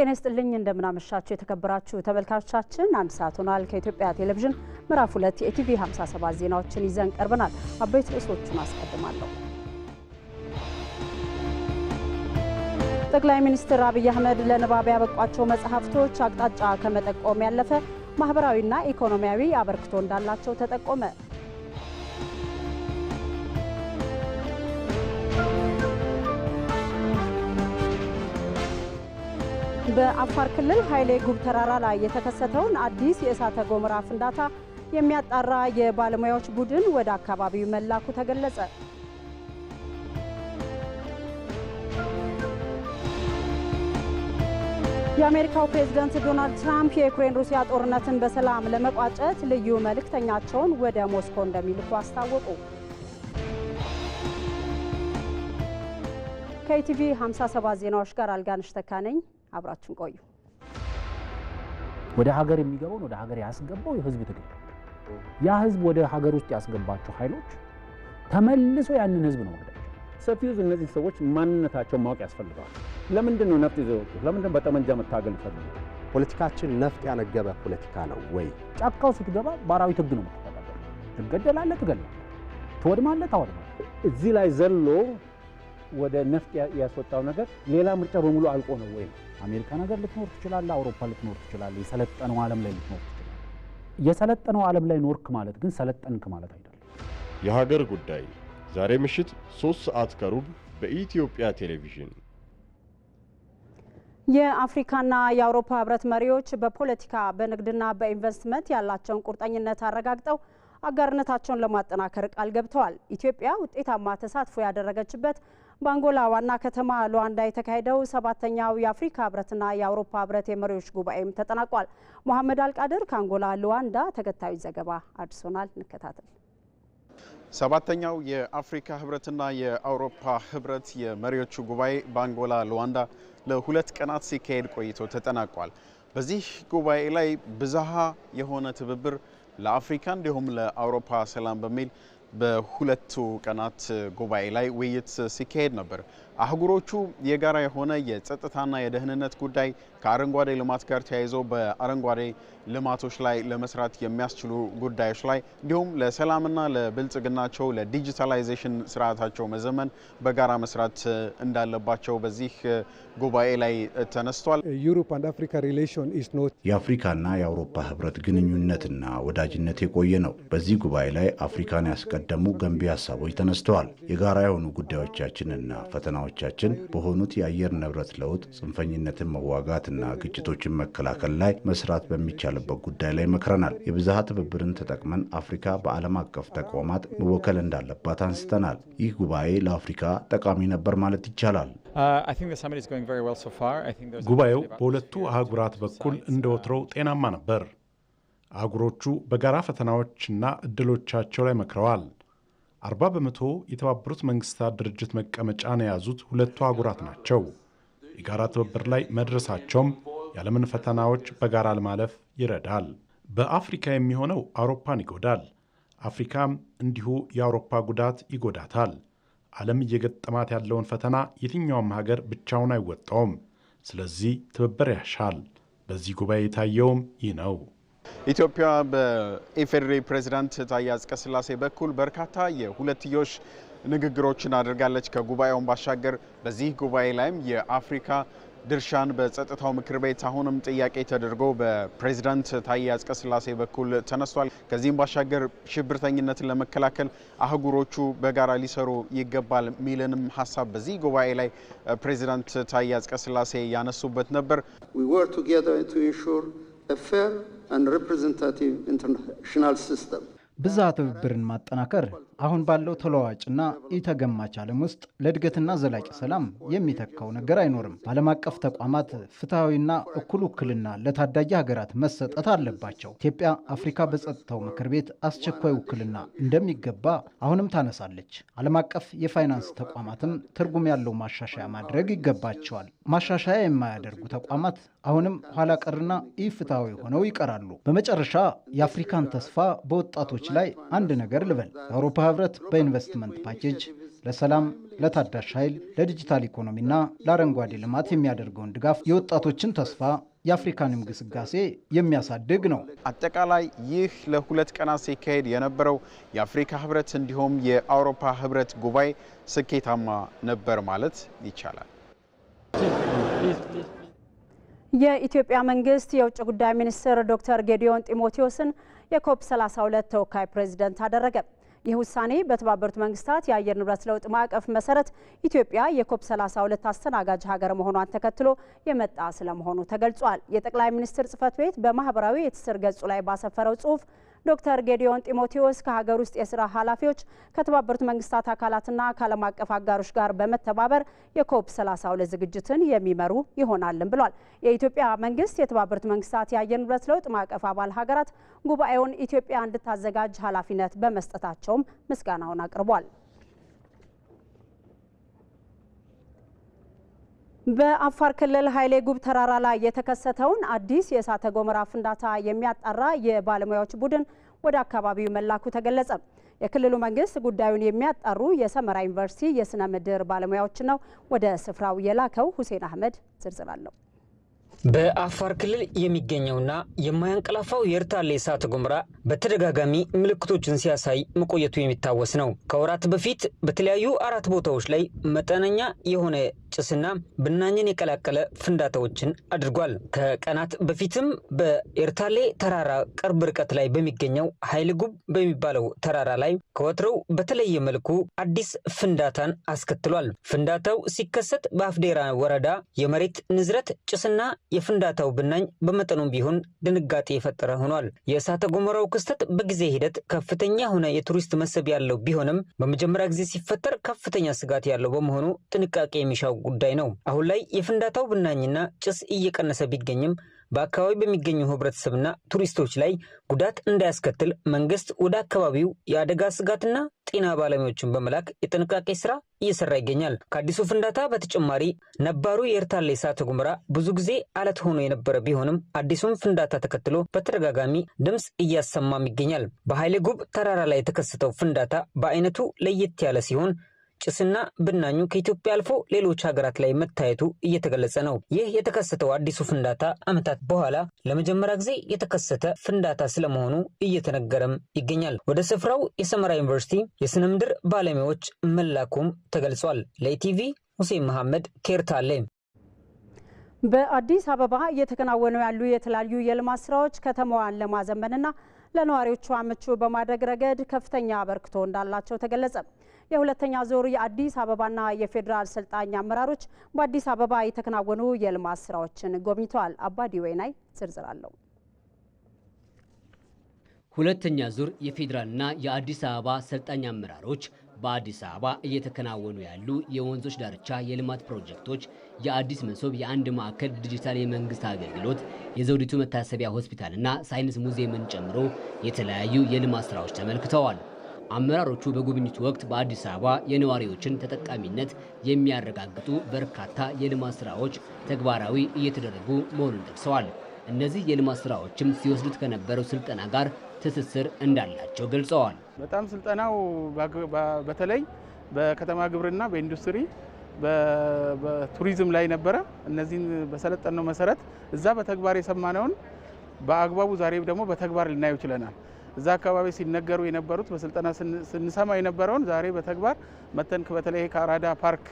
ጤና ይስጥልኝ እንደምናመሻችሁ የተከበራችሁ ተመልካቾቻችን፣ አንድ ሰዓት ሆኗል። ከኢትዮጵያ ቴሌቪዥን ምዕራፍ ሁለት የኢቲቪ 57 ዜናዎችን ይዘን ቀርበናል። አበይት ርዕሶቹን አስቀድማለሁ። ጠቅላይ ሚኒስትር አብይ አህመድ ለንባብ ያበቋቸው መጽሐፍቶች አቅጣጫ ከመጠቆም ያለፈ ማህበራዊና ኢኮኖሚያዊ አበርክቶ እንዳላቸው ተጠቆመ። በአፋር ክልል ኃይሌ ጉብ ተራራ ላይ የተከሰተውን አዲስ የእሳተ ገሞራ ፍንዳታ የሚያጣራ የባለሙያዎች ቡድን ወደ አካባቢው መላኩ ተገለጸ። የአሜሪካው ፕሬዝደንት ዶናልድ ትራምፕ የዩክሬን ሩሲያ ጦርነትን በሰላም ለመቋጨት ልዩ መልእክተኛቸውን ወደ ሞስኮ እንደሚልኩ አስታወቁ። ከኢቲቪ 57 ዜናዎች ጋር አልጋነሽ ተካ ነኝ። አብራችን ቆዩ። ወደ ሀገር የሚገባውን ወደ ሀገር ያስገባው የህዝብ ትግል ያ ህዝብ ወደ ሀገር ውስጥ ያስገባቸው ኃይሎች ተመልሶ ያንን ህዝብ ነው መግደል። ሰፊው ህዝብ እነዚህ ሰዎች ማንነታቸው ማወቅ ያስፈልገዋል። ለምንድን ነው ነፍጥ ይዘው ወጡት? ለምንድን በጠመንጃ መታገል ይፈልጉ? ፖለቲካችን ነፍጥ ያነገበ ፖለቲካ ነው ወይ? ጫካው ስትገባ በአራዊት ህግ ነው ምትተዳደር። ትገደላለህ፣ ትገላለህ፣ ትወድማለህ፣ ታወድማለህ። እዚህ ላይ ዘሎ ወደ ነፍጥ ያስወጣው ነገር ሌላ ምርጫ በሙሉ አልቆ ነው ወይ አሜሪካ ነገር ልትኖር ትችላለ አውሮፓ ልትኖር ትችላለ፣ የሰለጠነው ዓለም ላይ ልትኖር ትችላለ። የሰለጠነው ዓለም ላይ ኖርክ ማለት ግን ሰለጠንክ ማለት አይደለም። የሀገር ጉዳይ ዛሬ ምሽት ሶስት ሰዓት ከሩብ በኢትዮጵያ ቴሌቪዥን የአፍሪካና የአውሮፓ ህብረት መሪዎች በፖለቲካ በንግድና በኢንቨስትመንት ያላቸውን ቁርጠኝነት አረጋግጠው አጋርነታቸውን ለማጠናከር ቃል ገብተዋል። ኢትዮጵያ ውጤታማ ተሳትፎ ያደረገችበት በአንጎላ ዋና ከተማ ሉዋንዳ የተካሄደው ሰባተኛው የአፍሪካ ህብረትና የአውሮፓ ህብረት የመሪዎች ጉባኤም ተጠናቋል። መሐመድ አልቃድር ከአንጎላ ሉዋንዳ ተከታዩ ዘገባ አድርሶናል። እንከታተል። ሰባተኛው የአፍሪካ ህብረትና የአውሮፓ ህብረት የመሪዎቹ ጉባኤ በአንጎላ ሉዋንዳ ለሁለት ቀናት ሲካሄድ ቆይቶ ተጠናቋል። በዚህ ጉባኤ ላይ ብዝሃ የሆነ ትብብር ለአፍሪካ እንዲሁም ለአውሮፓ ሰላም በሚል በሁለቱ ቀናት ጉባኤ ላይ ውይይት ሲካሄድ ነበር። አህጉሮቹ የጋራ የሆነ የጸጥታና የደህንነት ጉዳይ ከአረንጓዴ ልማት ጋር ተያይዞ በአረንጓዴ ልማቶች ላይ ለመስራት የሚያስችሉ ጉዳዮች ላይ እንዲሁም ለሰላምና ለብልጽግናቸው ለዲጂታላይዜሽን ስርዓታቸው መዘመን በጋራ መስራት እንዳለባቸው በዚህ ጉባኤ ላይ ተነስቷል። የአፍሪካና የአውሮፓ ህብረት ግንኙነትና ወዳጅነት የቆየ ነው። በዚህ ጉባኤ ላይ አፍሪካን ያስቀደሙ ገንቢ ሀሳቦች ተነስተዋል። የጋራ የሆኑ ጉዳዮቻችንና ፈተናዎች ዓላማዎቻችን በሆኑት የአየር ንብረት ለውጥ፣ ጽንፈኝነትን መዋጋትና ግጭቶችን መከላከል ላይ መስራት በሚቻልበት ጉዳይ ላይ መክረናል። የብዝሃ ትብብርን ተጠቅመን አፍሪካ በዓለም አቀፍ ተቋማት መወከል እንዳለባት አንስተናል። ይህ ጉባኤ ለአፍሪካ ጠቃሚ ነበር ማለት ይቻላል። uh, ጉባኤው በሁለቱ አህጉራት በኩል እንደ ወትሮው ጤናማ ነበር። አህጉሮቹ በጋራ ፈተናዎችና እድሎቻቸው ላይ መክረዋል። 40 በመቶ የተባበሩት መንግስታት ድርጅት መቀመጫን የያዙት ሁለቱ አህጉራት ናቸው። የጋራ ትብብር ላይ መድረሳቸውም የዓለምን ፈተናዎች በጋራ ለማለፍ ይረዳል። በአፍሪካ የሚሆነው አውሮፓን ይጎዳል፣ አፍሪካም እንዲሁ የአውሮፓ ጉዳት ይጎዳታል። ዓለም እየገጠማት ያለውን ፈተና የትኛውም ሀገር ብቻውን አይወጣውም። ስለዚህ ትብብር ያሻል። በዚህ ጉባኤ የታየውም ይህ ነው። ኢትዮጵያ በኢፌዴሪ ፕሬዚዳንት ታዬ አጽቀሥላሴ በኩል በርካታ የሁለትዮሽ ንግግሮችን አድርጋለች። ከጉባኤውን ባሻገር በዚህ ጉባኤ ላይም የአፍሪካ ድርሻን በጸጥታው ምክር ቤት አሁንም ጥያቄ ተደርጎ በፕሬዚዳንት ታዬ አጽቀሥላሴ በኩል ተነስቷል። ከዚህም ባሻገር ሽብርተኝነትን ለመከላከል አህጉሮቹ በጋራ ሊሰሩ ይገባል ሚልንም ሀሳብ በዚህ ጉባኤ ላይ ፕሬዚዳንት ታዬ አጽቀሥላሴ ያነሱበት ነበር። ብዛ ትብብርን ማጠናከር አሁን ባለው ተለዋዋጭና ኢተገማች ዓለም ውስጥ ለእድገትና ዘላቂ ሰላም የሚተካው ነገር አይኖርም። በዓለም አቀፍ ተቋማት ፍትሐዊና እኩል ውክልና ለታዳጊ ሀገራት መሰጠት አለባቸው። ኢትዮጵያ አፍሪካ በጸጥታው ምክር ቤት አስቸኳይ ውክልና እንደሚገባ አሁንም ታነሳለች። ዓለም አቀፍ የፋይናንስ ተቋማትም ትርጉም ያለው ማሻሻያ ማድረግ ይገባቸዋል። ማሻሻያ የማያደርጉ ተቋማት አሁንም ኋላ ቀርና ኢፍትሐዊ ሆነው ይቀራሉ። በመጨረሻ የአፍሪካን ተስፋ በወጣቶች ላይ አንድ ነገር ልበል። የአውሮፓ ህብረት በኢንቨስትመንት ፓኬጅ ለሰላም፣ ለታዳሽ ኃይል፣ ለዲጂታል ኢኮኖሚና ለአረንጓዴ ልማት የሚያደርገውን ድጋፍ የወጣቶችን ተስፋ የአፍሪካንም ግስጋሴ የሚያሳድግ ነው። አጠቃላይ ይህ ለሁለት ቀናት ሲካሄድ የነበረው የአፍሪካ ህብረት እንዲሁም የአውሮፓ ህብረት ጉባኤ ስኬታማ ነበር ማለት ይቻላል። የኢትዮጵያ መንግስት የውጭ ጉዳይ ሚኒስትር ዶክተር ጌዲዮን ጢሞቴዎስን የኮፕ 32 ተወካይ ፕሬዚደንት አደረገ። ይህ ውሳኔ በተባበሩት መንግስታት የአየር ንብረት ለውጥ ማዕቀፍ መሰረት ኢትዮጵያ የኮፕ 32 አስተናጋጅ ሀገር መሆኗን ተከትሎ የመጣ ስለመሆኑ ተገልጿል። የጠቅላይ ሚኒስትር ጽህፈት ቤት በማህበራዊ የትስስር ገጹ ላይ ባሰፈረው ጽሁፍ ዶክተር ጌዲዮን ጢሞቴዎስ ከሀገር ውስጥ የስራ ኃላፊዎች ከተባበሩት መንግስታት አካላትና ከዓለም አቀፍ አጋሮች ጋር በመተባበር የኮፕ 32 ዝግጅትን የሚመሩ ይሆናልም ብሏል። የኢትዮጵያ መንግስት የተባበሩት መንግስታት የአየር ንብረት ለውጥ ማዕቀፍ አባል ሀገራት ጉባኤውን ኢትዮጵያ እንድታዘጋጅ ኃላፊነት በመስጠታቸውም ምስጋናውን አቅርቧል። በአፋር ክልል ኃይሌ ጉብ ተራራ ላይ የተከሰተውን አዲስ የእሳተ ገሞራ ፍንዳታ የሚያጣራ የባለሙያዎች ቡድን ወደ አካባቢው መላኩ ተገለጸ። የክልሉ መንግስት ጉዳዩን የሚያጣሩ የሰመራ ዩኒቨርሲቲ የስነ ምድር ባለሙያዎች ነው ወደ ስፍራው የላከው። ሁሴን አህመድ ዝርዝር አለው። በአፋር ክልል የሚገኘውና የማያንቀላፋው የኤርታሌ እሳተ ገሞራ በተደጋጋሚ ምልክቶችን ሲያሳይ መቆየቱ የሚታወስ ነው። ከወራት በፊት በተለያዩ አራት ቦታዎች ላይ መጠነኛ የሆነ ጭስና ብናኝን የቀላቀለ ፍንዳታዎችን አድርጓል። ከቀናት በፊትም በኤርታሌ ተራራ ቅርብ ርቀት ላይ በሚገኘው ኃይል ጉብ በሚባለው ተራራ ላይ ከወትሮው በተለየ መልኩ አዲስ ፍንዳታን አስከትሏል። ፍንዳታው ሲከሰት በአፍዴራ ወረዳ የመሬት ንዝረት ጭስና የፍንዳታው ብናኝ በመጠኑም ቢሆን ድንጋጤ የፈጠረ ሆኗል። የእሳተ ገሞራው ክስተት በጊዜ ሂደት ከፍተኛ የሆነ የቱሪስት መስህብ ያለው ቢሆንም በመጀመሪያ ጊዜ ሲፈጠር ከፍተኛ ስጋት ያለው በመሆኑ ጥንቃቄ የሚሻው ጉዳይ ነው። አሁን ላይ የፍንዳታው ብናኝና ጭስ እየቀነሰ ቢገኝም በአካባቢ በሚገኙ ህብረተሰብና ቱሪስቶች ላይ ጉዳት እንዳያስከትል መንግስት ወደ አካባቢው የአደጋ ስጋትና ጤና ባለሙያዎችን በመላክ የጥንቃቄ ስራ እየሰራ ይገኛል። ከአዲሱ ፍንዳታ በተጨማሪ ነባሩ የኤርታሌ እሳተ ገሞራ ብዙ ጊዜ አለት ሆኖ የነበረ ቢሆንም አዲሱን ፍንዳታ ተከትሎ በተደጋጋሚ ድምፅ እያሰማም ይገኛል። በኃይሌ ጉብ ተራራ ላይ የተከሰተው ፍንዳታ በአይነቱ ለየት ያለ ሲሆን ጭስና ብናኙ ከኢትዮጵያ አልፎ ሌሎች ሀገራት ላይ መታየቱ እየተገለጸ ነው። ይህ የተከሰተው አዲሱ ፍንዳታ ዓመታት በኋላ ለመጀመሪያ ጊዜ የተከሰተ ፍንዳታ ስለመሆኑ እየተነገረም ይገኛል። ወደ ስፍራው የሰመራ ዩኒቨርሲቲ የስነ ምድር ባለሙያዎች መላኩም ተገልጿል። ለኢቲቪ ሁሴን መሐመድ ኬርታሌ። በአዲስ አበባ እየተከናወኑ ያሉ የተለያዩ የልማት ስራዎች ከተማዋን ለማዘመንና ለነዋሪዎቿ ምቹ በማድረግ ረገድ ከፍተኛ አበርክቶ እንዳላቸው ተገለጸ። የሁለተኛ ዙር የአዲስ አበባና የፌዴራል ሰልጣኝ አመራሮች በአዲስ አበባ የተከናወኑ የልማት ስራዎችን ጎብኝተዋል። አባዲ ወይናይ ዝርዝር አለው። ሁለተኛ ዙር የፌዴራልና የአዲስ አበባ ሰልጣኝ አመራሮች በአዲስ አበባ እየተከናወኑ ያሉ የወንዞች ዳርቻ የልማት ፕሮጀክቶች፣ የአዲስ መሶብ የአንድ ማዕከል ዲጂታል የመንግስት አገልግሎት፣ የዘውዲቱ መታሰቢያ ሆስፒታልና ሳይንስ ሙዚየምን ጨምሮ የተለያዩ የልማት ስራዎች ተመልክተዋል። አመራሮቹ በጉብኝቱ ወቅት በአዲስ አበባ የነዋሪዎችን ተጠቃሚነት የሚያረጋግጡ በርካታ የልማት ስራዎች ተግባራዊ እየተደረጉ መሆኑን ጠቅሰዋል። እነዚህ የልማት ስራዎችም ሲወስዱት ከነበረው ስልጠና ጋር ትስስር እንዳላቸው ገልጸዋል። በጣም ስልጠናው በተለይ በከተማ ግብርና፣ በኢንዱስትሪ፣ በቱሪዝም ላይ ነበረ። እነዚህን በሰለጠነው መሰረት እዛ በተግባር የሰማነውን በአግባቡ ዛሬ ደግሞ በተግባር ልናየው ችለናል። እዛ አካባቢ ሲነገሩ የነበሩት በስልጠና ስንሰማ የነበረውን ዛሬ በተግባር መተንክ በተለይ ከአራዳ ፓርክ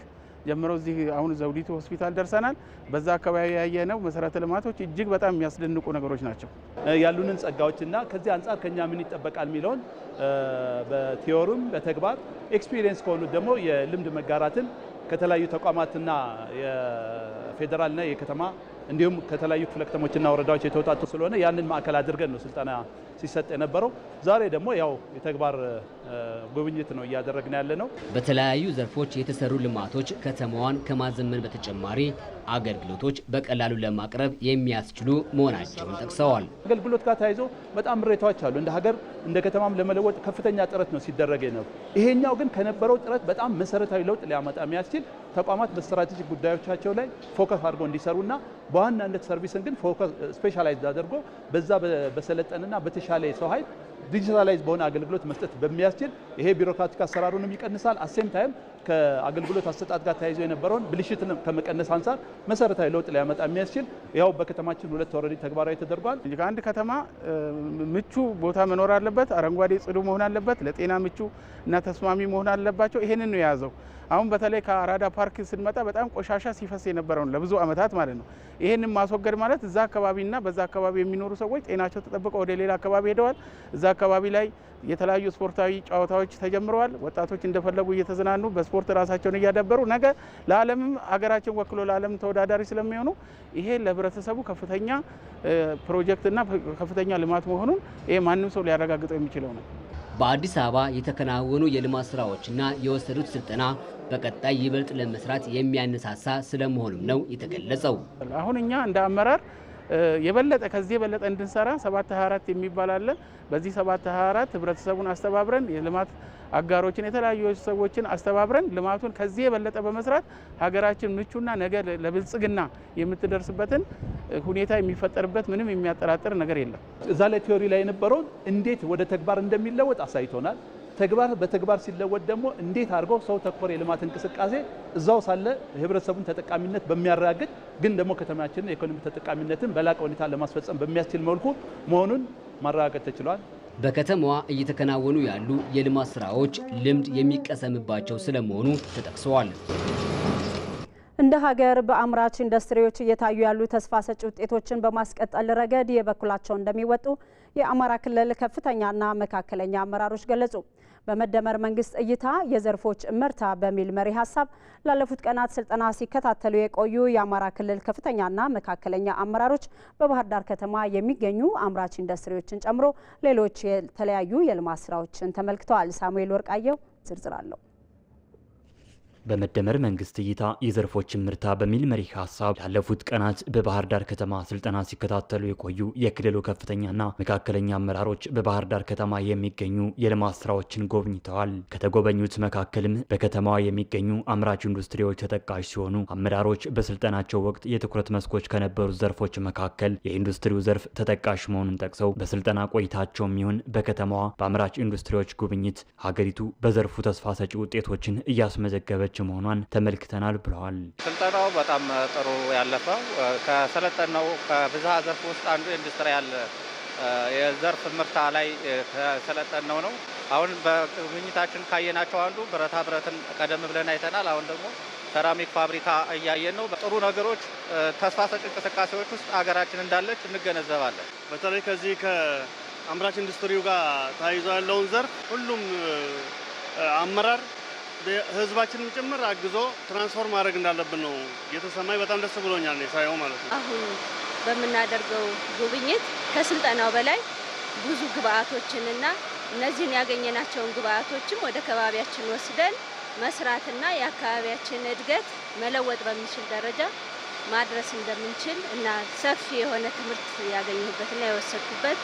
ጀምሮ እዚህ አሁን ዘውዲቱ ሆስፒታል ደርሰናል። በዛ አካባቢ ያየነው መሰረተ ልማቶች እጅግ በጣም የሚያስደንቁ ነገሮች ናቸው። ያሉንን ጸጋዎችና ከዚህ አንጻር ከኛ ምን ይጠበቃል የሚለውን በቲዮሪም በተግባር ኤክስፒሪየንስ ከሆኑት ደግሞ የልምድ መጋራትን ከተለያዩ ተቋማትና የፌዴራልና የከተማ እንዲሁም ከተለያዩ ክፍለ ከተሞችና ወረዳዎች የተውጣጡ ስለሆነ ያንን ማዕከል አድርገን ነው ስልጠና ሲሰጥ የነበረው። ዛሬ ደግሞ ያው የተግባር ጉብኝት ነው እያደረግን ያለ ነው። በተለያዩ ዘርፎች የተሰሩ ልማቶች ከተማዋን ከማዘመን በተጨማሪ አገልግሎቶች በቀላሉ ለማቅረብ የሚያስችሉ መሆናቸውን ጠቅሰዋል። አገልግሎት ጋር ተያይዞ በጣም ምሬታዎች አሉ። እንደ ሀገር እንደ ከተማም ለመለወጥ ከፍተኛ ጥረት ነው ሲደረገ ነው። ይሄኛው ግን ከነበረው ጥረት በጣም መሰረታዊ ለውጥ ሊያመጣ የሚያስችል ተቋማት በስትራቴጂክ ጉዳዮቻቸው ላይ ፎከስ አድርገው እንዲሰሩና በዋናነት ሰርቪስን ግን ፎከስ ስፔሻላይዝ አድርጎ በዛ በሰለጠንና በተሻለ ሰው ኃይል ዲጂታላይዝ በሆነ አገልግሎት መስጠት በሚያስችል ይሄ ቢሮክራቲክ አሰራሩንም ይቀንሳል። አሴም ታይም ከአገልግሎት አሰጣጥ ጋር ተያይዞ የነበረውን ብልሽት ከመቀነስ አንጻር መሰረታዊ ለውጥ ሊያመጣ የሚያስችል ያው በከተማችን ሁለት ወረዳ ተግባራዊ ተደርጓል። አንድ ከተማ ምቹ ቦታ መኖር አለበት። አረንጓዴ፣ ጽዱ መሆን አለበት። ለጤና ምቹ እና ተስማሚ መሆን አለባቸው። ይሄንን ነው የያዘው። አሁን በተለይ ከአራዳ ፓርክ ስንመጣ በጣም ቆሻሻ ሲፈስ የነበረውን ለብዙ ዓመታት ማለት ነው። ይህንን ማስወገድ ማለት እዛ አካባቢና በዛ አካባቢ የሚኖሩ ሰዎች ጤናቸው ተጠብቀው ወደ ሌላ አካባቢ ሄደዋል። እዛ አካባቢ ላይ የተለያዩ ስፖርታዊ ጨዋታዎች ተጀምረዋል። ወጣቶች እንደፈለጉ እየተዝናኑ በስፖርት ራሳቸውን እያዳበሩ ነገ ለዓለምም አገራችን ወክሎ ለዓለም ተወዳዳሪ ስለሚሆኑ ይሄ ለህብረተሰቡ ከፍተኛ ፕሮጀክትና ከፍተኛ ልማት መሆኑን ይሄ ማንም ሰው ሊያረጋግጠው የሚችለው ነው። በአዲስ አበባ የተከናወኑ የልማት ስራዎችና የወሰዱት ስልጠና በቀጣይ ይበልጥ ለመስራት የሚያነሳሳ ስለመሆኑም ነው የተገለጸው። አሁን እኛ እንደ አመራር የበለጠ ከዚህ የበለጠ እንድንሰራ 724 የሚባል አለ። በዚህ 724 ህብረተሰቡን አስተባብረን የልማት አጋሮችን የተለያዩ ሰዎችን አስተባብረን ልማቱን ከዚህ የበለጠ በመስራት ሀገራችን ምቹና ነገ ለብልጽግና የምትደርስበትን ሁኔታ የሚፈጠርበት ምንም የሚያጠራጥር ነገር የለም። እዛ ላይ ቲዮሪ ላይ የነበረውን እንዴት ወደ ተግባር እንደሚለወጥ አሳይቶናል። ተግባር በተግባር ሲለወጥ ደግሞ እንዴት አድርገው ሰው ተኮር የልማት እንቅስቃሴ እዛው ሳለ የህብረተሰቡን ተጠቃሚነት በሚያረጋግጥ ግን ደግሞ ከተማችንን የኢኮኖሚ ተጠቃሚነትን በላቀ ሁኔታ ለማስፈጸም በሚያስችል መልኩ መሆኑን ማረጋገጥ ተችሏል። በከተማዋ እየተከናወኑ ያሉ የልማት ስራዎች ልምድ የሚቀሰምባቸው ስለመሆኑ ተጠቅሰዋል። እንደ ሀገር በአምራች ኢንዱስትሪዎች እየታዩ ያሉ ተስፋ ሰጪ ውጤቶችን በማስቀጠል ረገድ የበኩላቸው እንደሚወጡ የአማራ ክልል ከፍተኛና መካከለኛ አመራሮች ገለጹ። በመደመር መንግስት እይታ የዘርፎች እመርታ በሚል መሪ ሀሳብ ላለፉት ቀናት ስልጠና ሲከታተሉ የቆዩ የአማራ ክልል ከፍተኛና መካከለኛ አመራሮች በባህር ዳር ከተማ የሚገኙ አምራች ኢንዱስትሪዎችን ጨምሮ ሌሎች የተለያዩ የልማት ስራዎችን ተመልክተዋል። ሳሙኤል ወርቃየው ዝርዝር አለው። በመደመር መንግስት እይታ የዘርፎችን ምርታ በሚል መሪ ሀሳብ ያለፉት ቀናት በባህር ዳር ከተማ ስልጠና ሲከታተሉ የቆዩ የክልሉ ከፍተኛና መካከለኛ አመራሮች በባህር ዳር ከተማ የሚገኙ የልማት ስራዎችን ጎብኝተዋል። ከተጎበኙት መካከልም በከተማዋ የሚገኙ አምራች ኢንዱስትሪዎች ተጠቃሽ ሲሆኑ አመራሮች በስልጠናቸው ወቅት የትኩረት መስኮች ከነበሩት ዘርፎች መካከል የኢንዱስትሪው ዘርፍ ተጠቃሽ መሆኑን ጠቅሰው በስልጠና ቆይታቸውም ይሁን በከተማዋ በአምራች ኢንዱስትሪዎች ጉብኝት ሀገሪቱ በዘርፉ ተስፋ ሰጪ ውጤቶችን እያስመዘገበች እየሰጠች መሆኗን ተመልክተናል ብለዋል። ስልጠናው በጣም ጥሩ ያለፈው ከሰለጠነው ከብዝሃ ዘርፍ ውስጥ አንዱ ኢንዱስትሪያል የዘርፍ ምርታ ላይ ከሰለጠነው ነው። አሁን በጉብኝታችን ካየናቸው አንዱ ብረታ ብረትን ቀደም ብለን አይተናል። አሁን ደግሞ ሴራሚክ ፋብሪካ እያየን ነው። ጥሩ ነገሮች፣ ተስፋ ሰጭ እንቅስቃሴዎች ውስጥ ሀገራችን እንዳለች እንገነዘባለን። በተለይ ከዚህ ከአምራች ኢንዱስትሪው ጋር ተያይዞ ያለውን ዘርፍ ሁሉም አመራር ህዝባችንም ጭምር አግዞ ትራንስፎርም ማድረግ እንዳለብን ነው የተሰማኝ። በጣም ደስ ብሎኛል ሳየው ማለት ነው። አሁን በምናደርገው ጉብኝት ከስልጠናው በላይ ብዙ ግብአቶችንና እነዚህን ያገኘናቸውን ግብአቶችም ወደ ከባቢያችን ወስደን መስራትና የአካባቢያችን እድገት መለወጥ በሚችል ደረጃ ማድረስ እንደምንችል እና ሰፊ የሆነ ትምህርት ያገኘሁበትና የወሰድኩበት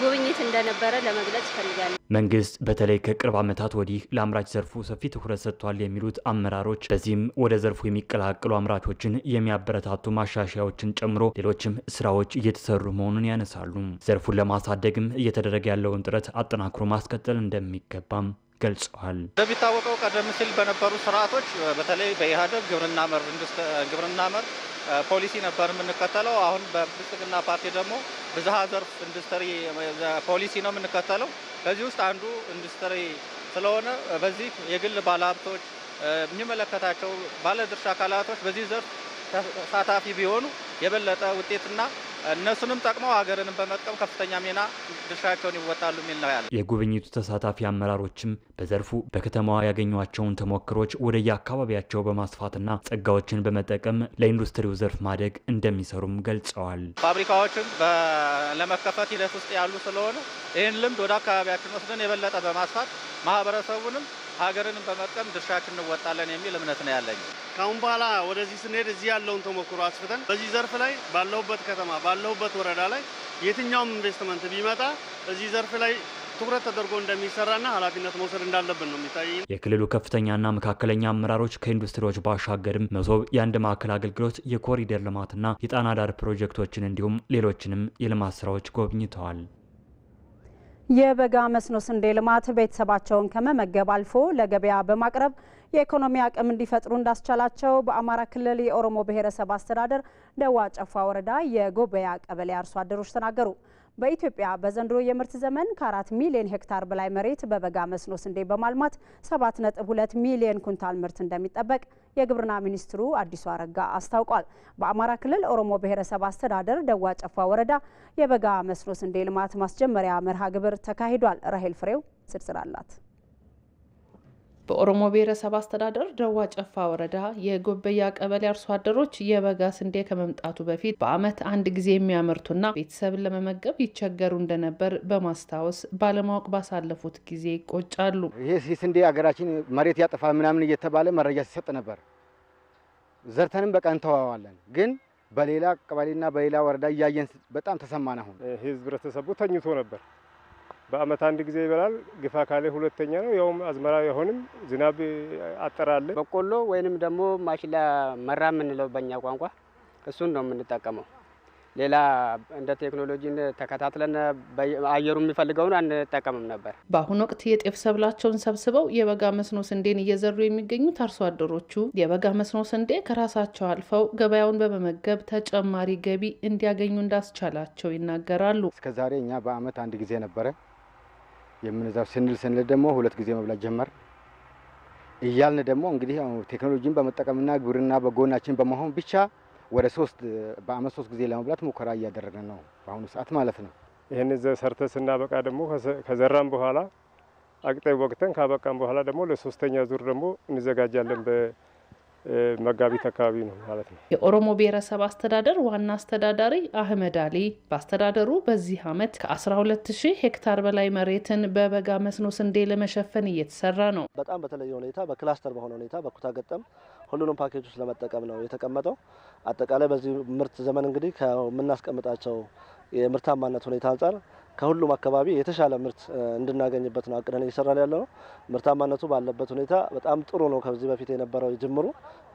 ጉብኝት እንደነበረ ለመግለጽ ይፈልጋል። መንግስት በተለይ ከቅርብ ዓመታት ወዲህ ለአምራች ዘርፉ ሰፊ ትኩረት ሰጥቷል የሚሉት አመራሮች፣ በዚህም ወደ ዘርፉ የሚቀላቀሉ አምራቾችን የሚያበረታቱ ማሻሻያዎችን ጨምሮ ሌሎችም ስራዎች እየተሰሩ መሆኑን ያነሳሉ። ዘርፉን ለማሳደግም እየተደረገ ያለውን ጥረት አጠናክሮ ማስቀጠል እንደሚገባም ገልጸዋል። እንደሚታወቀው ቀደም ሲል በነበሩ ስርዓቶች በተለይ በኢህአዴግ ግብርና መር ፖሊሲ ነበር የምንከተለው። አሁን በብልጽግና ፓርቲ ደግሞ ብዝሃ ዘርፍ ኢንዱስትሪ ፖሊሲ ነው የምንከተለው። ከዚህ ውስጥ አንዱ ኢንዱስትሪ ስለሆነ በዚህ የግል ባለሀብቶች የሚመለከታቸው ባለድርሻ አካላቶች በዚህ ዘርፍ ተሳታፊ ቢሆኑ የበለጠ ውጤትና እነሱንም ጠቅመው ሀገርንም በመጥቀም ከፍተኛ ሚና ድርሻቸውን ይወጣሉ የሚል ነው ያለ። የጉብኝቱ ተሳታፊ አመራሮችም በዘርፉ በከተማዋ ያገኟቸውን ተሞክሮች ወደየአካባቢያቸው በማስፋትና ጸጋዎችን በመጠቀም ለኢንዱስትሪው ዘርፍ ማደግ እንደሚሰሩም ገልጸዋል። ፋብሪካዎችም ለመከፈት ሂደት ውስጥ ያሉ ስለሆነ ይህን ልምድ ወደ አካባቢያችን ወስደን የበለጠ በማስፋት ማህበረሰቡንም ሀገርንም በመጥቀም ድርሻችን እንወጣለን የሚል እምነት ነው ያለኝ። ከአሁን በኋላ ወደዚህ ስንሄድ እዚህ ያለውን ተሞክሮ አስፍተን በዚህ ዘርፍ ላይ ባለሁበት ከተማ ባለሁበት ወረዳ ላይ የትኛውም ኢንቨስትመንት ቢመጣ እዚህ ዘርፍ ላይ ትኩረት ተደርጎ እንደሚሰራና ኃላፊነት መውሰድ እንዳለብን ነው የሚታይ። የክልሉ ከፍተኛና መካከለኛ አመራሮች ከኢንዱስትሪዎች ባሻገርም መሶብ የአንድ ማዕከል አገልግሎት የኮሪደር ልማትና የጣና ዳር ፕሮጀክቶችን እንዲሁም ሌሎችንም የልማት ስራዎች ጎብኝተዋል። የበጋ መስኖ ስንዴ ልማት ቤተሰባቸውን ከመመገብ አልፎ ለገበያ በማቅረብ የኢኮኖሚ አቅም እንዲፈጥሩ እንዳስቻላቸው በአማራ ክልል የኦሮሞ ብሔረሰብ አስተዳደር ደዋ ጨፋ ወረዳ የጎበያ ቀበሌ አርሶ አደሮች ተናገሩ። በኢትዮጵያ በዘንድሮ የምርት ዘመን ከአራት ሚሊዮን ሄክታር በላይ መሬት በበጋ መስኖ ስንዴ በማልማት 7.2 ሚሊዮን ኩንታል ምርት እንደሚጠበቅ የግብርና ሚኒስትሩ አዲሱ አረጋ አስታውቋል። በአማራ ክልል ኦሮሞ ብሔረሰብ አስተዳደር ደዋ ጨፋ ወረዳ የበጋ መስኖ ስንዴ ልማት ማስጀመሪያ መርሃ ግብር ተካሂዷል። ራሄል ፍሬው ስርስር አላት። በኦሮሞ ብሔረሰብ አስተዳደር ደዋ ጨፋ ወረዳ የጎበያ ቀበሌ አርሶ አደሮች የበጋ ስንዴ ከመምጣቱ በፊት በዓመት አንድ ጊዜ የሚያመርቱና ቤተሰብን ለመመገብ ይቸገሩ እንደነበር በማስታወስ ባለማወቅ ባሳለፉት ጊዜ ይቆጫሉ። ይህ ስንዴ ሀገራችን መሬት ያጠፋ ምናምን እየተባለ መረጃ ሲሰጥ ነበር። ዘርተንም በቃ እንተዋዋለን። ግን በሌላ ቀበሌና በሌላ ወረዳ እያየን በጣም ተሰማን። አሁን ህብረተሰቡ ተኝቶ ነበር። በአመት አንድ ጊዜ ይበላል። ግፋ ካለ ሁለተኛ ነው። ያውም አዝመራ የሆንም ዝናብ አጠራለ። በቆሎ ወይንም ደግሞ ማሽላ መራ የምንለው በእኛ ቋንቋ እሱን ነው የምንጠቀመው። ሌላ እንደ ቴክኖሎጂን ተከታትለን አየሩ የሚፈልገውን አንጠቀምም ነበር። በአሁኑ ወቅት የጤፍ ሰብላቸውን ሰብስበው የበጋ መስኖ ስንዴን እየዘሩ የሚገኙት አርሶ አደሮቹ የበጋ መስኖ ስንዴ ከራሳቸው አልፈው ገበያውን በመመገብ ተጨማሪ ገቢ እንዲያገኙ እንዳስቻላቸው ይናገራሉ። እስከዛሬ እኛ በአመት አንድ ጊዜ ነበረ የምንዛው ስንል ስንል ደግሞ ሁለት ጊዜ መብላት ጀመር እያልን ደግሞ እንግዲህ ቴክኖሎጂን በመጠቀምና ግብርና በጎናችን በመሆን ብቻ ወደ ሶስት በአመት ሶስት ጊዜ ለመብላት ሙከራ እያደረግን ነው በአሁኑ ሰዓት ማለት ነው። ይህን ሰርተ ስናበቃ ደግሞ ከዘራም በኋላ አቅጠብ ወቅተን ካበቃም በኋላ ደግሞ ለሶስተኛ ዙር ደግሞ እንዘጋጃለን። መጋቢት አካባቢ ነው ማለት ነው። የኦሮሞ ብሔረሰብ አስተዳደር ዋና አስተዳዳሪ አህመድ አሊ በአስተዳደሩ በዚህ ዓመት ከ12000 ሄክታር በላይ መሬትን በበጋ መስኖ ስንዴ ለመሸፈን እየተሰራ ነው። በጣም በተለየ ሁኔታ በክላስተር በሆነ ሁኔታ በኩታ ገጠም ሁሉንም ፓኬጅ ውስጥ ለመጠቀም ነው የተቀመጠው። አጠቃላይ በዚህ ምርት ዘመን እንግዲህ ከምናስቀምጣቸው የምርታማነት ሁኔታ አንጻር ከሁሉም አካባቢ የተሻለ ምርት እንድናገኝበት ነው አቅደን እየሰራን ያለ ነው። ምርታማነቱ ባለበት ሁኔታ በጣም ጥሩ ነው። ከዚህ በፊት የነበረው ጅምሩ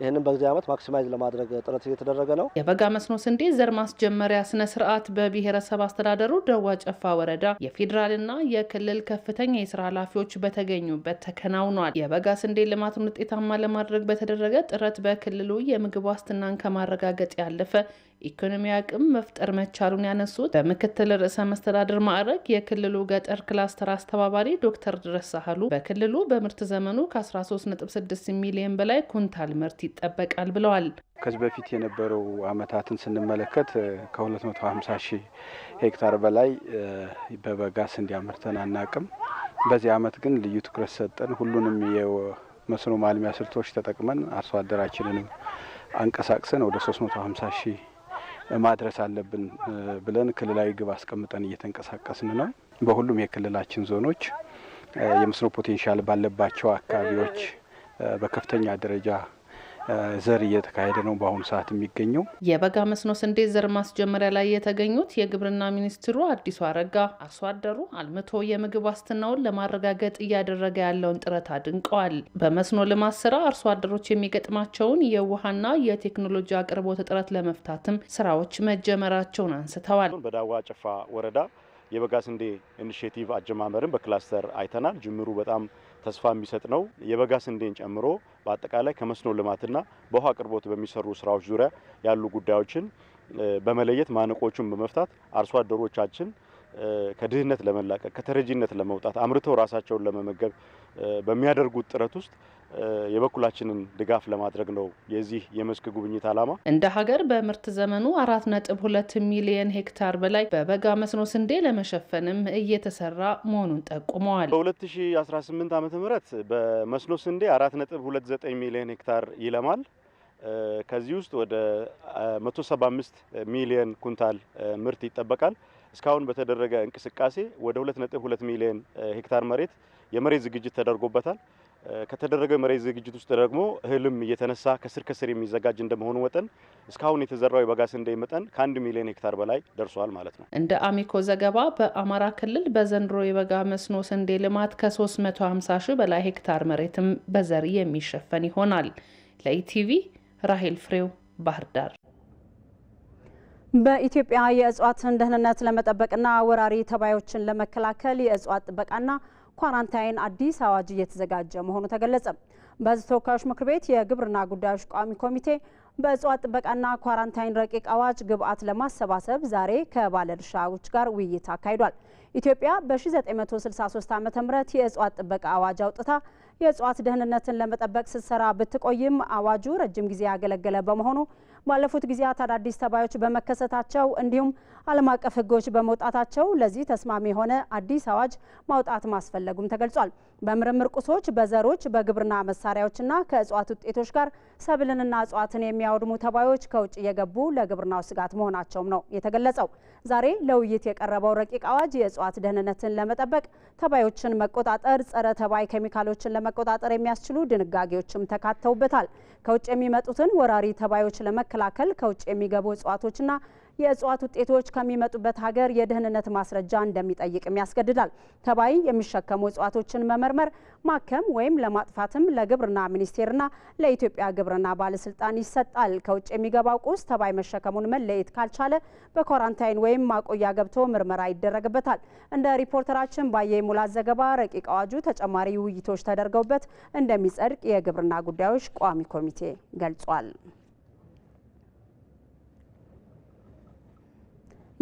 ይህንን በዚህ ዓመት ማክሲማይዝ ለማድረግ ጥረት እየተደረገ ነው። የበጋ መስኖ ስንዴ ዘር ማስጀመሪያ ስነ ስርዓት በብሔረሰብ አስተዳደሩ ደዋ ጨፋ ወረዳ የፌዴራልና የክልል ከፍተኛ የስራ ኃላፊዎች በተገኙበት ተከናውኗል። የበጋ ስንዴ ልማትን ውጤታማ ለማድረግ በተደረገ ጥረት በክልሉ የምግብ ዋስትናን ከማረጋገጥ ያለፈ ኢኮኖሚ አቅም መፍጠር መቻሉን ያነሱት በምክትል ርዕሰ መስተዳድር ማዕረግ የክልሉ ገጠር ክላስተር አስተባባሪ ዶክተር ድረስ ሳህሉ በክልሉ በምርት ዘመኑ ከ13.6 ሚሊዮን በላይ ኩንታል ምርት ይጠበቃል ብለዋል። ከዚህ በፊት የነበረው አመታትን ስንመለከት ከ250 ሺህ ሄክታር በላይ በበጋ ስንዴ አምርተን አናቅም። በዚህ አመት ግን ልዩ ትኩረት ሰጠን ሁሉንም የመስኖ ማልሚያ ስልቶች ተጠቅመን አርሶ አደራችንንም አንቀሳቅሰን ወደ 350 ሺህ ማድረስ አለብን ብለን ክልላዊ ግብ አስቀምጠን እየተንቀሳቀስን ነው። በሁሉም የክልላችን ዞኖች የመስኖ ፖቴንሻል ባለባቸው አካባቢዎች በከፍተኛ ደረጃ ዘር እየተካሄደ ነው በአሁኑ ሰዓት የሚገኘው። የበጋ መስኖ ስንዴ ዘር ማስጀመሪያ ላይ የተገኙት የግብርና ሚኒስትሩ አዲሱ አረጋ አርሶ አደሩ አልምቶ የምግብ ዋስትናውን ለማረጋገጥ እያደረገ ያለውን ጥረት አድንቀዋል። በመስኖ ልማት ስራ አርሶ አደሮች የሚገጥማቸውን የውሃና የቴክኖሎጂ አቅርቦት እጥረት ለመፍታትም ስራዎች መጀመራቸውን አንስተዋል። በዳዋ ጭፋ ወረዳ የበጋ ስንዴ ኢኒሽቲቭ አጀማመርን በክላስተር አይተናል። ጅምሩ በጣም ተስፋ የሚሰጥ ነው። የበጋ ስንዴን ጨምሮ በአጠቃላይ ከመስኖ ልማትና በውሃ አቅርቦት በሚሰሩ ስራዎች ዙሪያ ያሉ ጉዳዮችን በመለየት ማነቆቹን በመፍታት አርሶ አደሮቻችን ከድህነት ለመላቀቅ ከተረጂነት ለመውጣት አምርተው ራሳቸውን ለመመገብ በሚያደርጉት ጥረት ውስጥ የበኩላችንን ድጋፍ ለማድረግ ነው የዚህ የመስክ ጉብኝት ዓላማ። እንደ ሀገር በምርት ዘመኑ አራት ነጥብ ሁለት ሚሊየን ሄክታር በላይ በበጋ መስኖ ስንዴ ለመሸፈንም እየተሰራ መሆኑን ጠቁመዋል። በ2018 ዓ ም በመስኖ ስንዴ አራት ነጥብ ሁለት ዘጠኝ ሚሊየን ሄክታር ይለማል። ከዚህ ውስጥ ወደ 175 ሚሊየን ኩንታል ምርት ይጠበቃል። እስካሁን በተደረገ እንቅስቃሴ ወደ 2.2 ሚሊዮን ሄክታር መሬት የመሬት ዝግጅት ተደርጎበታል። ከተደረገው የመሬት ዝግጅት ውስጥ ደግሞ እህልም እየተነሳ ከስር ከስር የሚዘጋጅ እንደመሆኑ መጠን እስካሁን የተዘራው የበጋ ስንዴ መጠን ከአንድ ሚሊዮን ሄክታር በላይ ደርሷል ማለት ነው። እንደ አሚኮ ዘገባ በአማራ ክልል በዘንድሮ የበጋ መስኖ ስንዴ ልማት ከ350 ሺህ በላይ ሄክታር መሬትም በዘር የሚሸፈን ይሆናል። ለኢቲቪ ራሄል ፍሬው ባህር ዳር በኢትዮጵያ የእጽዋትን ደህንነት ለመጠበቅና ወራሪ ተባዮችን ለመከላከል የእጽዋት ጥበቃና ኳራንታይን አዲስ አዋጅ እየተዘጋጀ መሆኑ ተገለጸ። በሕዝብ ተወካዮች ምክር ቤት የግብርና ጉዳዮች ቋሚ ኮሚቴ በእጽዋት ጥበቃና ኳራንታይን ረቂቅ አዋጅ ግብዓት ለማሰባሰብ ዛሬ ከባለድርሻዎች ጋር ውይይት አካሂዷል። ኢትዮጵያ በ1963 ዓ ም የእጽዋት ጥበቃ አዋጅ አውጥታ የእጽዋት ደህንነትን ለመጠበቅ ስትሰራ ብትቆይም አዋጁ ረጅም ጊዜ ያገለገለ በመሆኑ ባለፉት ጊዜያት አዳዲስ ተባዮች በመከሰታቸው እንዲሁም ዓለም አቀፍ ህጎች በመውጣታቸው ለዚህ ተስማሚ የሆነ አዲስ አዋጅ ማውጣት ማስፈለጉም ተገልጿል። በምርምር ቁሶች፣ በዘሮች፣ በግብርና መሳሪያዎችና ከእጽዋት ውጤቶች ጋር ሰብልንና እጽዋትን የሚያወድሙ ተባዮች ከውጭ እየገቡ ለግብርናው ስጋት መሆናቸውም ነው የተገለጸው። ዛሬ ለውይይት የቀረበው ረቂቅ አዋጅ የእጽዋት ደህንነትን ለመጠበቅ ተባዮችን መቆጣጠር፣ ጸረ ተባይ ኬሚካሎችን ለመቆጣጠር የሚያስችሉ ድንጋጌዎችም ተካተውበታል። ከውጭ የሚመጡትን ወራሪ ተባዮች ለመከላከል ከውጭ የሚገቡ እጽዋቶችና የእጽዋት ውጤቶች ከሚመጡበት ሀገር የደህንነት ማስረጃ እንደሚጠይቅም ያስገድዳል። ተባይ የሚሸከሙ እጽዋቶችን መመርመር፣ ማከም ወይም ለማጥፋትም ለግብርና ሚኒስቴርና ለኢትዮጵያ ግብርና ባለስልጣን ይሰጣል። ከውጭ የሚገባው ቁስ ተባይ መሸከሙን መለየት ካልቻለ በኳራንታይን ወይም ማቆያ ገብቶ ምርመራ ይደረግበታል። እንደ ሪፖርተራችን ባየ ሙላት ዘገባ ረቂቅ አዋጁ ተጨማሪ ውይይቶች ተደርገውበት እንደሚጸድቅ የግብርና ጉዳዮች ቋሚ ኮሚቴ ገልጿል።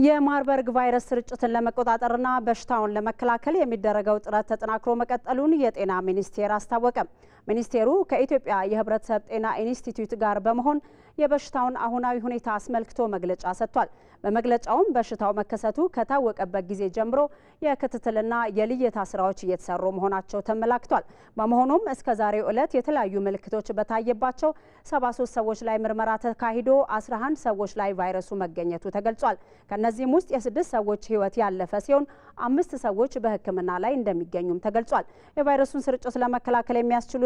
የማርበርግ ቫይረስ ስርጭትን ለመቆጣጠርና በሽታውን ለመከላከል የሚደረገው ጥረት ተጠናክሮ መቀጠሉን የጤና ሚኒስቴር አስታወቀ። ሚኒስቴሩ ከኢትዮጵያ የሕብረተሰብ ጤና ኢንስቲትዩት ጋር በመሆን የበሽታውን አሁናዊ ሁኔታ አስመልክቶ መግለጫ ሰጥቷል። በመግለጫውም በሽታው መከሰቱ ከታወቀበት ጊዜ ጀምሮ የክትትልና የልየታ ስራዎች እየተሰሩ መሆናቸው ተመላክቷል። በመሆኑም እስከ ዛሬው ዕለት የተለያዩ ምልክቶች በታየባቸው 73 ሰዎች ላይ ምርመራ ተካሂዶ 11 ሰዎች ላይ ቫይረሱ መገኘቱ ተገልጿል። ከእነዚህም ውስጥ የስድስት ሰዎች ህይወት ያለፈ ሲሆን አምስት ሰዎች በሕክምና ላይ እንደሚገኙም ተገልጿል። የቫይረሱን ስርጭት ለመከላከል የሚያስችሉ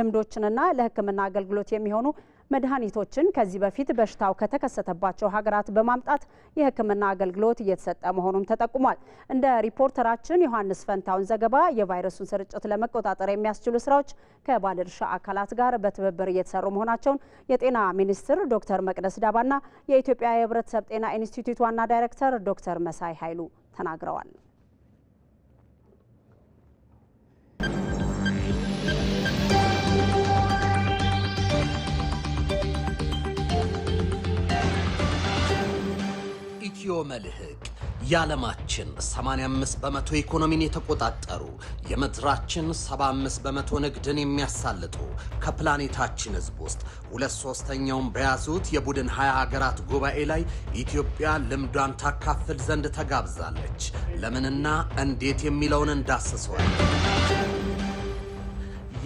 ልምዶችንና ለሕክምና አገልግሎት የሚሆኑ መድኃኒቶችን ከዚህ በፊት በሽታው ከተከሰተባቸው ሀገራት በማምጣት የሕክምና አገልግሎት እየተሰጠ መሆኑም ተጠቁሟል። እንደ ሪፖርተራችን ዮሐንስ ፈንታውን ዘገባ የቫይረሱን ስርጭት ለመቆጣጠር የሚያስችሉ ስራዎች ከባለድርሻ አካላት ጋር በትብብር እየተሰሩ መሆናቸውን የጤና ሚኒስትር ዶክተር መቅደስ ዳባና የኢትዮጵያ የህብረተሰብ ጤና ኢንስቲትዩት ዋና ዳይሬክተር ዶክተር መሳይ ኃይሉ ተናግረዋል። ኢትዮ መልህቅ የዓለማችን 85 በመቶ ኢኮኖሚን የተቆጣጠሩ የምድራችን 75 በመቶ ንግድን የሚያሳልጡ ከፕላኔታችን ህዝብ ውስጥ ሁለት ሶስተኛውን በያዙት የቡድን 20 ሀገራት ጉባኤ ላይ ኢትዮጵያ ልምዷን ታካፍል ዘንድ ተጋብዛለች። ለምንና እንዴት የሚለውን እንዳስሰዋል።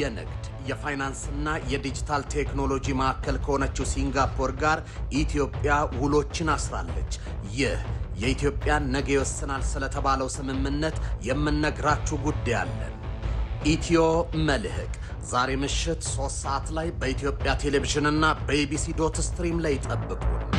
የንግድ የፋይናንስና የዲጂታል ቴክኖሎጂ ማዕከል ከሆነችው ሲንጋፖር ጋር ኢትዮጵያ ውሎችን አስራለች። ይህ የኢትዮጵያን ነገ ይወስናል ስለተባለው ስምምነት የምነግራችሁ ጉዳይ አለን። ኢትዮ መልህቅ ዛሬ ምሽት ሶስት ሰዓት ላይ በኢትዮጵያ ቴሌቪዥንና በኢቢሲ ዶት ስትሪም ላይ ይጠብቁን።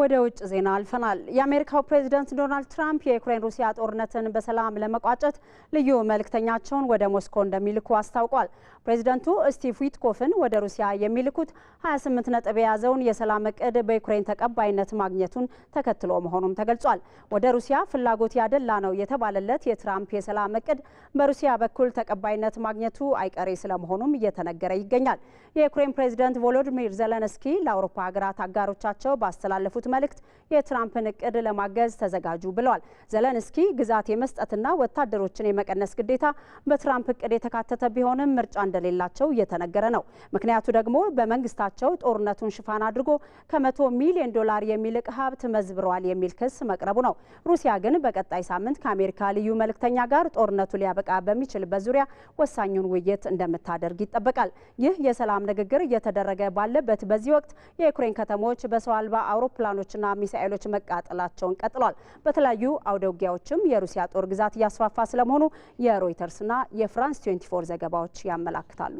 ወደ ውጭ ዜና አልፈናል። የአሜሪካው ፕሬዚደንት ዶናልድ ትራምፕ የዩክሬን ሩሲያ ጦርነትን በሰላም ለመቋጨት ልዩ መልእክተኛቸውን ወደ ሞስኮ እንደሚልኩ አስታውቋል። ፕሬዚደንቱ ስቲቭ ዊትኮፍን ወደ ሩሲያ የሚልኩት 28 ነጥብ የያዘውን የሰላም እቅድ በዩክሬን ተቀባይነት ማግኘቱን ተከትሎ መሆኑም ተገልጿል። ወደ ሩሲያ ፍላጎት ያደላ ነው የተባለለት የትራምፕ የሰላም እቅድ በሩሲያ በኩል ተቀባይነት ማግኘቱ አይቀሬ ስለመሆኑም እየተነገረ ይገኛል። የዩክሬን ፕሬዚደንት ቮሎዲሚር ዘለንስኪ ለአውሮፓ ሀገራት አጋሮቻቸው ባስተላለፉት ባስተላለፉት መልእክት የትራምፕን እቅድ ለማገዝ ተዘጋጁ ብለዋል። ዘለንስኪ ግዛት የመስጠትና ወታደሮችን የመቀነስ ግዴታ በትራምፕ እቅድ የተካተተ ቢሆንም ምርጫ እንደሌላቸው እየተነገረ ነው። ምክንያቱ ደግሞ በመንግስታቸው ጦርነቱን ሽፋን አድርጎ ከመቶ ሚሊዮን ዶላር የሚልቅ ሀብት መዝብረዋል የሚል ክስ መቅረቡ ነው። ሩሲያ ግን በቀጣይ ሳምንት ከአሜሪካ ልዩ መልእክተኛ ጋር ጦርነቱ ሊያበቃ በሚችልበት ዙሪያ ወሳኙን ውይይት እንደምታደርግ ይጠበቃል። ይህ የሰላም ንግግር እየተደረገ ባለበት በዚህ ወቅት የዩክሬን ከተሞች በሰው አልባ አውሮፕላ አውሮፕላኖችና ሚሳኤሎች መቃጠላቸውን ቀጥሏል። በተለያዩ አውደ ውጊያዎችም የሩሲያ ጦር ግዛት እያስፋፋ ስለመሆኑ የሮይተርስና የፍራንስ 24 ዘገባዎች ያመላክታሉ።